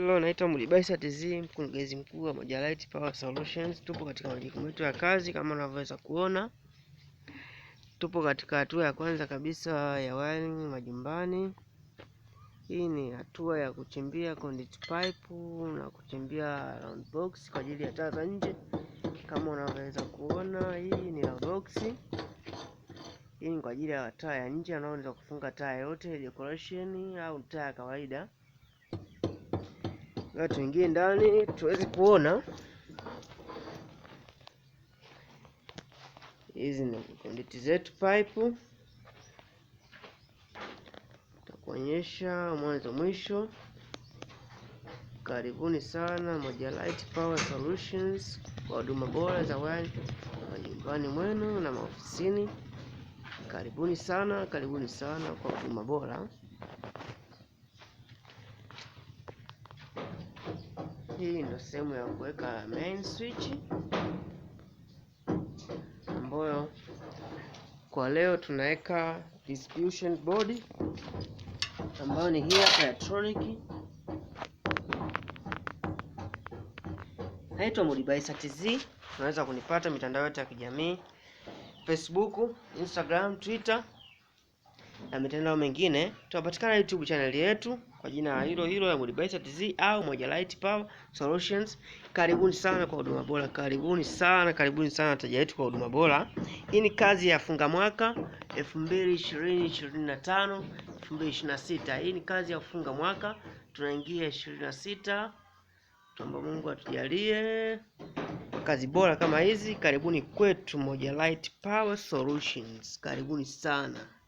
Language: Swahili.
Hello, naitwa Mulibaisa TZ, mkurugenzi mkuu wa Mojalite Power Solutions. Tupo katika majukumu yetu ya kazi kama unavyoweza kuona. Tupo katika hatua ya kwanza kabisa ya wiring majumbani. Hii ni hatua ya kuchimbia conduit pipe na kuchimbia round box kwa ajili ya taa za nje. Kama unavyoweza kuona, hii ni round box. Hii ni kwa ajili ya taa ya nje, unaweza kufunga taa yote decoration au taa ya kawaida. Ngoja tuingie ndani tuweze kuona. Hizi ni conduit zetu pipe, takuonyesha mwanzo mwisho. Karibuni sana Mojalite Power Solutions kwa huduma bora za waya majumbani mwenu na maofisini. Karibuni sana, karibuni sana kwa huduma bora. Hii ndio sehemu ya kuweka main switch ambayo kwa leo tunaweka distribution board ambayo ni hii hapa ya Tronic. Naitwa Mudibaisa TZ, unaweza kunipata mitandao yote ya kijamii Facebook, Instagram, Twitter na mitandao mingine, tunapatikana YouTube channel yetu kwa jina la hilo hilo ya Mulibaiser TZ au Moja Light Power Solutions. Karibuni sana kwa huduma bora, karibuni sana, karibuni sana wateja wetu kwa huduma bora. Hii ni kazi ya funga mwaka 2020 2025 2026. Hii ni kazi ya funga mwaka, tunaingia 26. Tuombe Mungu atujalie kazi bora kama hizi. Karibuni kwetu Moja Light Power Solutions, karibuni sana.